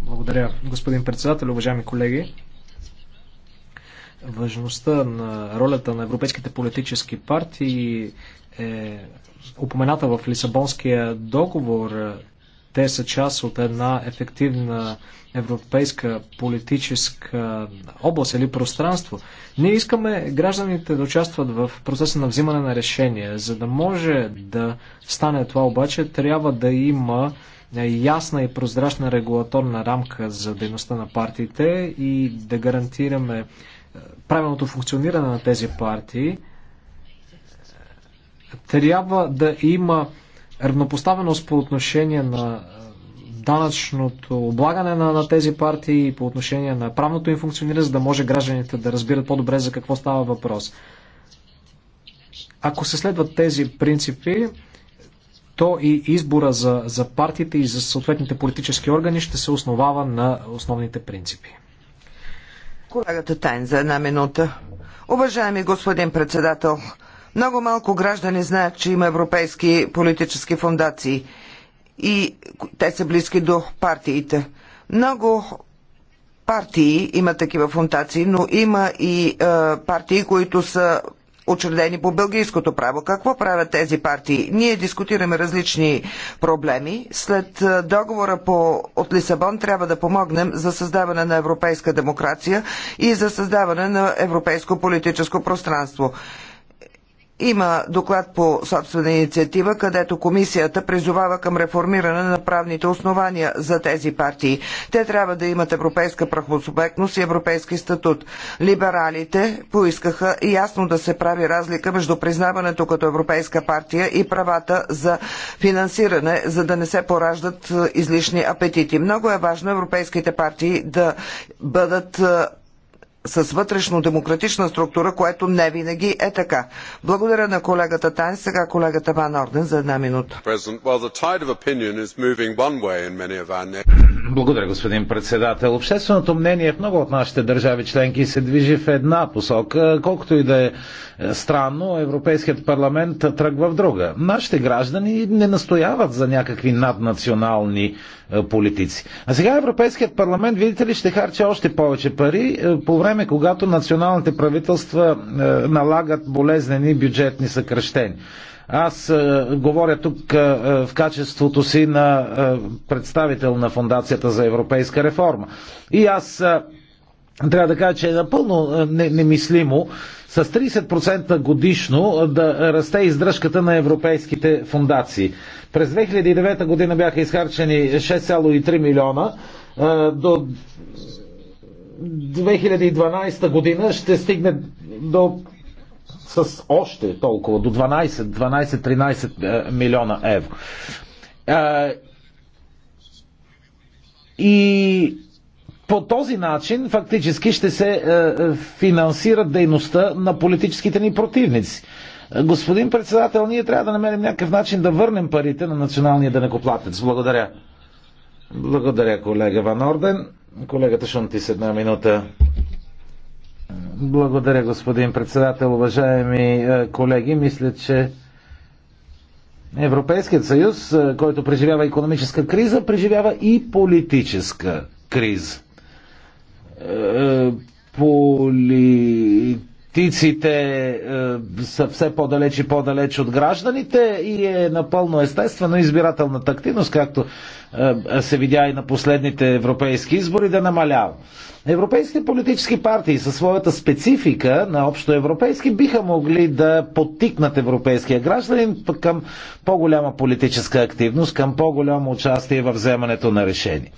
Благодаря, господин председател, уважаеми колеги. Важността на ролята на европейските политически партии е упомената в Лисабонския договор. Те са част от една ефективна европейска политическа област или пространство. Ние искаме гражданите да участват в процеса на взимане на решения. За да може да стане това обаче, трябва да има е ясна и прозрачна регулаторна рамка за дейността на партиите и да гарантираме е, правилното функциониране на тези партии, е, трябва да има равнопоставеност по отношение на данъчното облагане на, на тези партии и по отношение на правното им функциониране, за да може гражданите да разбират по-добре за какво става въпрос. Ако се следват тези принципи, то и избора за, за партиите и за съответните политически органи ще се основава на основните принципи. Колегата Тайн за една минута. Уважаеми господин председател, много малко граждани знаят, че има европейски политически фундации и те са близки до партиите. Много партии има такива фундации, но има и е, партии, които са учредени по бългийското право. Какво правят тези партии? Ние дискутираме различни проблеми. След е, договора по, от Лисабон трябва да помогнем за създаване на европейска демокрация и за създаване на европейско политическо пространство. Има доклад по собствена инициатива, където комисията призовава към реформиране на правните основания за тези партии. Те трябва да имат европейска правосубектност и европейски статут. Либералите поискаха ясно да се прави разлика между признаването като европейска партия и правата за финансиране, за да не се пораждат излишни апетити. Много е важно европейските партии да бъдат с вътрешно-демократична структура, което не винаги е така. Благодаря на колегата Тайн. Сега колегата Ван Орден за една минута. Благодаря, господин председател. Общественото мнение в много от нашите държави членки се движи в една посока. Колкото и да е, е странно, Европейският парламент тръгва в друга. Нашите граждани не настояват за някакви наднационални е, политици. А сега Европейският парламент, видите ли, ще харчи още повече пари е, по време време, когато националните правителства е, налагат болезнени бюджетни съкръщения. Аз е, говоря тук е, е, в качеството си на е, представител на Фундацията за европейска реформа. И аз е, трябва да кажа, че е напълно немислимо с 30% годишно да расте издръжката на европейските фундации. През 2009 година бяха изхарчени 6,3 милиона до 2012 година ще стигне до с още толкова, до 12-13 е, милиона евро. Е, и по този начин фактически ще се е, финансира дейността на политическите ни противници. Господин председател, ние трябва да намерим някакъв начин да върнем парите на националния денекоплатец. Благодаря. Благодаря, колега Ван Орден. Колегата с една минута. Благодаря, господин председател. Уважаеми е, колеги, мисля, че Европейският съюз, е, който преживява економическа криза, преживява и политическа криза. Е, Поли политиците е, са все по-далеч и по-далеч от гражданите и е напълно естествено избирателната активност, както е, се видя и на последните европейски избори, да намалява. Европейските политически партии със своята специфика на общо европейски биха могли да подтикнат европейския гражданин към по-голяма политическа активност, към по-голямо участие в вземането на решения.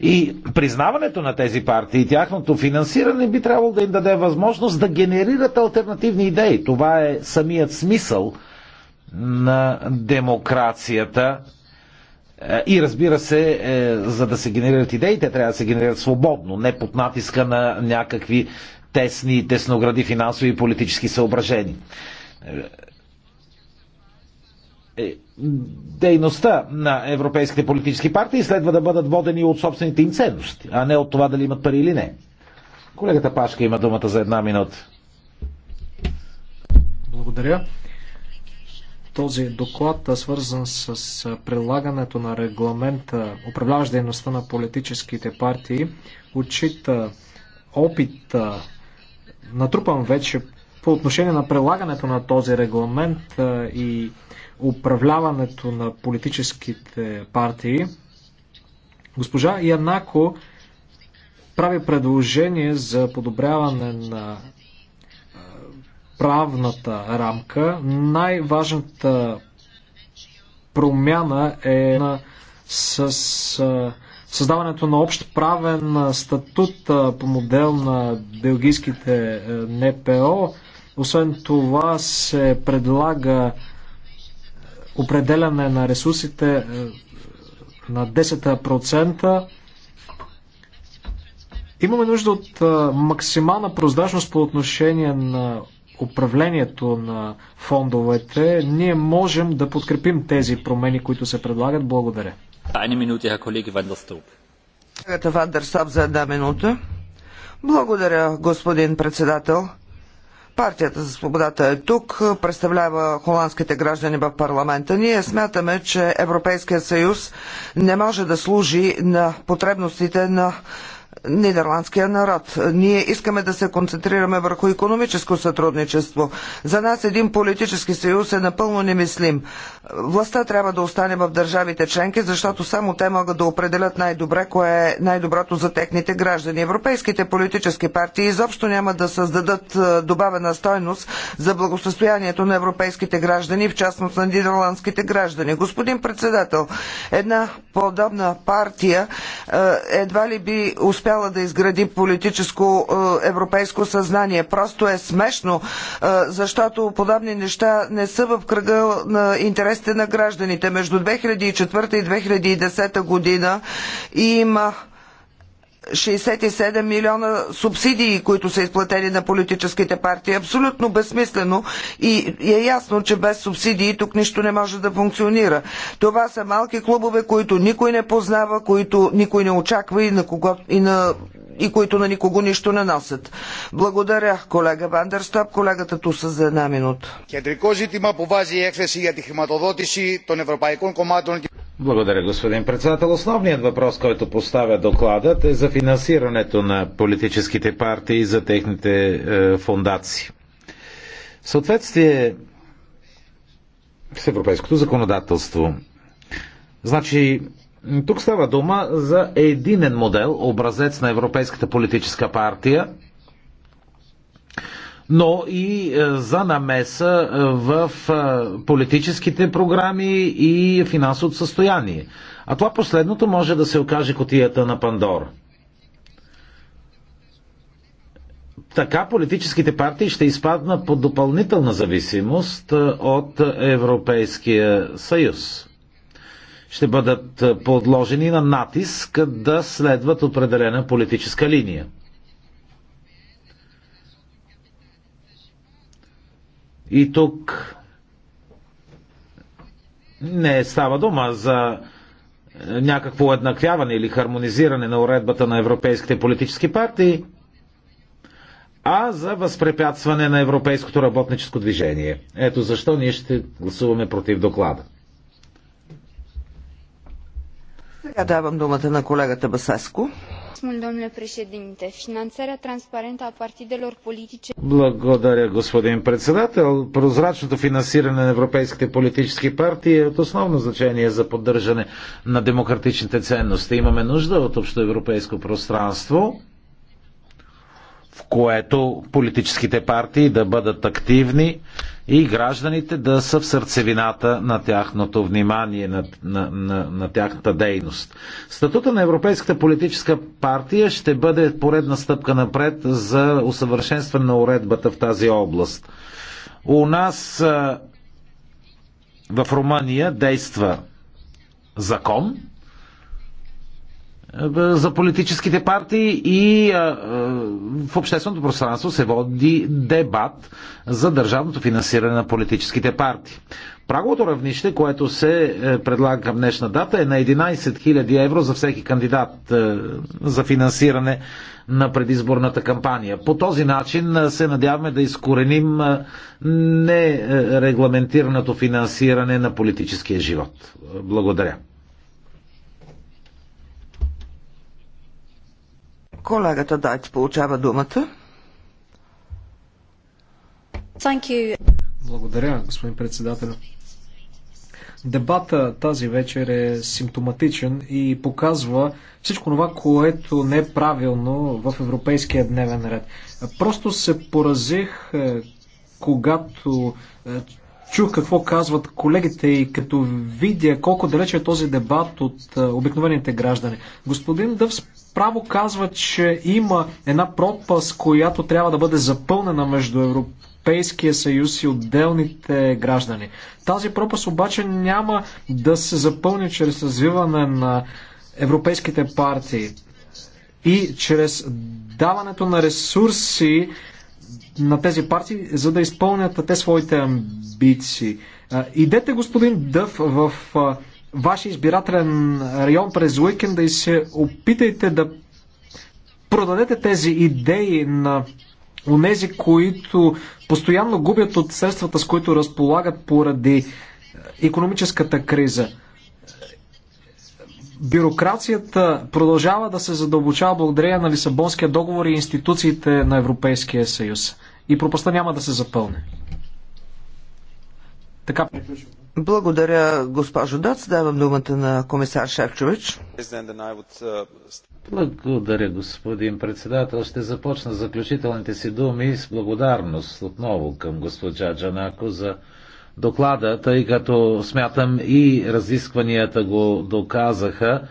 И признаването на тези партии и тяхното финансиране би трябвало да им даде възможност да генерират альтернативни идеи. Това е самият смисъл на демокрацията. Е, и разбира се, е, за да се генерират идеи, те трябва да се генерират свободно, не под натиска на някакви тесни, тесногради финансови и политически съображения. Е, е, дейността на европейските политически партии следва да бъдат водени от собствените им ценности, а не от това дали имат пари или не. Колегата Пашка има думата за една минута. Благодаря. Този доклад е свързан с прилагането на регламента, управляващ дейността на политическите партии, отчита опит натрупан вече по отношение на прилагането на този регламент и управляването на политическите партии, госпожа Янако прави предложение за подобряване на правната рамка. Най-важната промяна е на с създаването на общ правен статут по модел на белгийските НПО. Освен това се предлага определяне на ресурсите е, на 10%. Имаме нужда от е, максимална прозрачност по отношение на управлението на фондовете. Ние можем да подкрепим тези промени, които се предлагат. Благодаря. Една минута, колеги Вандерстоп. Вандерстоп за една минута. Благодаря, господин председател. Партията за свободата е тук, представлява холандските граждани в парламента. Ние смятаме, че Европейският съюз не може да служи на потребностите на нидерландския народ. Ние искаме да се концентрираме върху економическо сътрудничество. За нас един политически съюз е напълно немислим. Властта трябва да остане в държавите членки, защото само те могат да определят най-добре кое е най-доброто за техните граждани. Европейските политически партии изобщо няма да създадат е, добавена стойност за благосостоянието на европейските граждани, в частност на нидерландските граждани. Господин председател, една подобна партия е, едва ли би успела успяла да изгради политическо е, европейско съзнание. Просто е смешно, е, защото подобни неща не са в кръга на интересите на гражданите. Между 2004 и 2010 година има 67 милиона субсидии, които са изплатени на политическите партии. Абсолютно безсмислено и е ясно, че без субсидии тук нищо не може да функционира. Това са малки клубове, които никой не познава, които никой не очаква и на, кого, и на и които на никого нищо не носят. Благодаря, колега Вандерстоп. Колегата Туса за една минута. των благодаря, господин председател. Основният въпрос, който поставя докладът е за финансирането на политическите партии и за техните е, фундации. В съответствие с европейското законодателство, значи тук става дума за единен модел, образец на Европейската политическа партия, но и е, за намеса е, в е, политическите програми и финансовото състояние. А това последното може да се окаже котията на Пандора. Така политическите партии ще изпаднат под допълнителна зависимост от Европейския съюз ще бъдат е, подложени на натиск да следват определена политическа линия. И тук не става дума за е, някакво еднаквяване или хармонизиране на уредбата на европейските политически партии, а за възпрепятстване на европейското работническо движение. Ето защо ние ще гласуваме против доклада. Сега давам думата на колегата Басеско. Благодаря, господин председател. Прозрачното финансиране на европейските политически партии е от основно значение за поддържане на демократичните ценности. Имаме нужда от общо европейско пространство, в което политическите партии да бъдат активни, и гражданите да са в сърцевината на тяхното внимание, на, на, на, на тяхната дейност. Статута на Европейската политическа партия ще бъде поредна стъпка напред за усъвършенстване на уредбата в тази област. У нас в Румъния действа закон, е, за политическите партии и е, е, в общественото пространство се води дебат за държавното финансиране на политическите партии. Праговото равнище, което се предлага към днешна дата е на 11 000 евро за всеки кандидат за финансиране на предизборната кампания. По този начин се надяваме да изкореним нерегламентираното финансиране на политическия живот. Благодаря. Колегата Дайт получава думата. Благодаря, господин председател. Дебата тази вечер е симптоматичен и показва всичко това, което не е правилно в европейския дневен ред. Просто се поразих, е, когато е, чух какво казват колегите и като видя колко далече е този дебат от обикновените граждани. Господин Дъв право казва, че има една пропаст, която трябва да бъде запълнена между Европейския съюз и отделните граждани. Тази пропаст обаче няма да се запълни чрез развиване на европейските партии и чрез даването на ресурси на тези партии, за да изпълнят те своите амбиции. Идете, господин Дъв, в вашия избирателен район през уикенда и се опитайте да продадете тези идеи на онези, които постоянно губят от средствата, с които разполагат поради економическата криза. Бюрокрацията продължава да се задълбочава благодарение на Лисабонския договор и институциите на Европейския съюз. И пропаста няма да се запълне. Така. Благодаря, госпожо Дац. Давам думата на комисар Шевчович. Благодаря, господин председател. Ще започна заключителните си думи с благодарност отново към госпожа Джанако за доклада, тъй като смятам и разискванията го доказаха.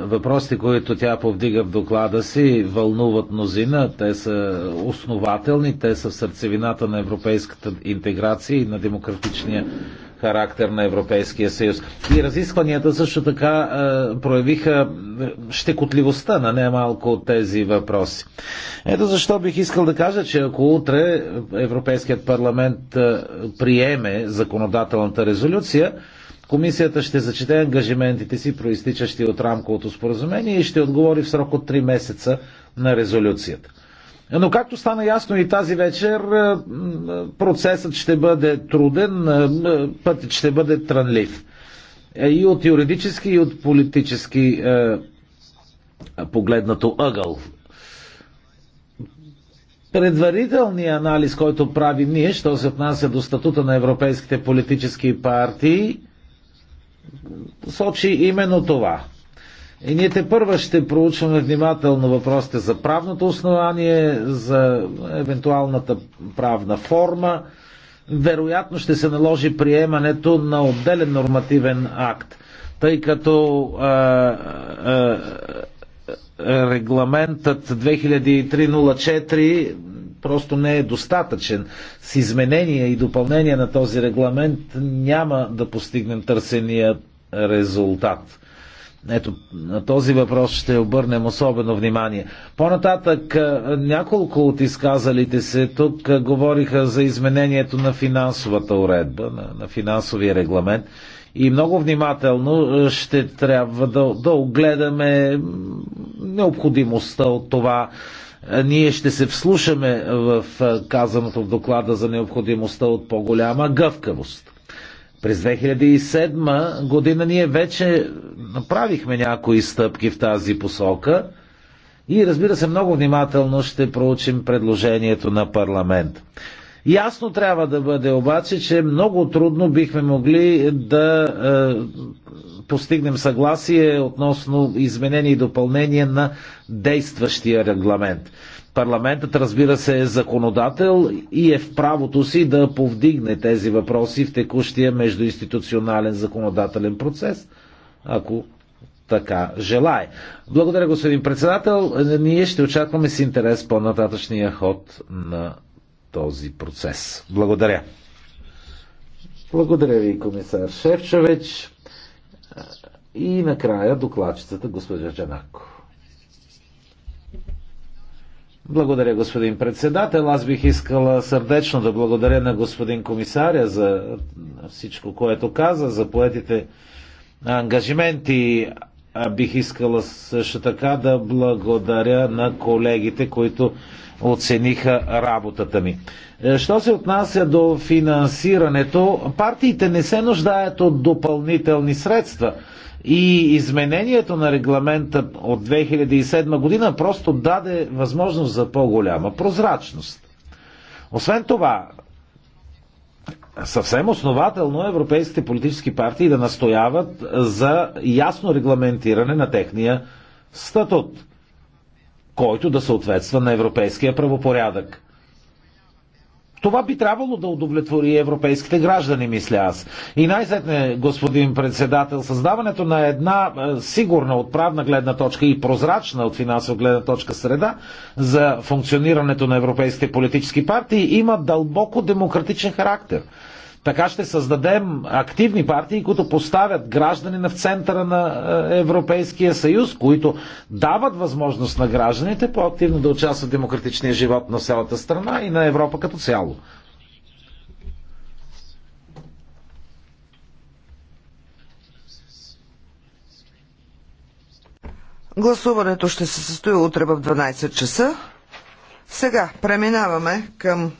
Въпросите, които тя повдига в доклада си, вълнуват мнозина. Те са основателни, те са в сърцевината на европейската интеграция и на демократичния характер на Европейския съюз. И разискванията също така е, проявиха е, щекотливостта на немалко от тези въпроси. Ето защо бих искал да кажа, че ако утре Европейският парламент е, приеме законодателната резолюция, Комисията ще зачете ангажиментите си, проистичащи от рамковото споразумение и ще отговори в срок от 3 месеца на резолюцията. Но както стана ясно и тази вечер, е, процесът ще бъде труден, е, пътят ще бъде трънлив. Е, и от юридически, и от политически погледнато ъгъл. Предварителният анализ, който правим ние, що се отнася до статута на европейските политически партии, сочи именно това – и е, ние те първа ще проучваме внимателно въпросите за правното основание, за евентуалната правна форма. Вероятно ще се наложи приемането на отделен нормативен акт, тъй като а, а, регламентът 200304 просто не е достатъчен. С изменение и допълнение на този регламент няма да постигнем търсения резултат. Ето, на този въпрос ще обърнем особено внимание. По-нататък, няколко от изказалите се тук говориха за изменението на финансовата уредба, на, на финансовия регламент. И много внимателно ще трябва да, да огледаме необходимостта от това. Ние ще се вслушаме в казаното в доклада за необходимостта от по-голяма гъвкавост. През 2007 година ние вече направихме някои стъпки в тази посока и разбира се много внимателно ще проучим предложението на парламент. Ясно трябва да бъде обаче, че много трудно бихме могли да е, постигнем съгласие относно изменение и допълнение на действащия регламент. Парламентът, разбира се, е законодател и е в правото си да повдигне тези въпроси в текущия междуинституционален законодателен процес, ако така желая. Благодаря, господин председател. Ние ще очакваме с интерес по-нататъчния ход на този процес. Благодаря. Благодаря ви, комисар Шевчович. И накрая докладчицата госпожа Джанако. Благодаря, господин председател. Аз бих искала сърдечно да благодаря на господин комисаря за всичко, което каза, за поетите ангажименти. Бих искала също така да благодаря на колегите, които оцениха работата ми. Е, що се отнася до финансирането, партиите не се нуждаят от допълнителни средства и изменението на регламента от 2007 година просто даде възможност за по-голяма прозрачност. Освен това, съвсем основателно е европейските политически партии да настояват за ясно регламентиране на техния статут който да съответства на европейския правопорядък. Това би трябвало да удовлетвори европейските граждани, мисля аз. И най-сетне, господин председател, създаването на една е, сигурна от правна гледна точка и прозрачна от финансово гледна точка среда за функционирането на европейските политически партии има дълбоко демократичен характер. Така ще създадем активни партии, които поставят граждани в центъра на е, Европейския съюз, които дават възможност на гражданите по-активно да участват в демократичния живот на цялата страна и на Европа като цяло. Гласуването ще се състои утре в 12 часа. Сега преминаваме към